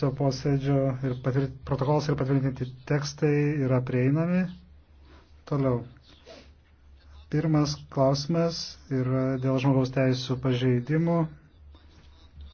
savo posėdžio ir patvirt, protokolas ir patvirtinti tekstai yra prieinami. Toliau. Pirmas klausimas yra dėl žmogaus teisų pažeidimų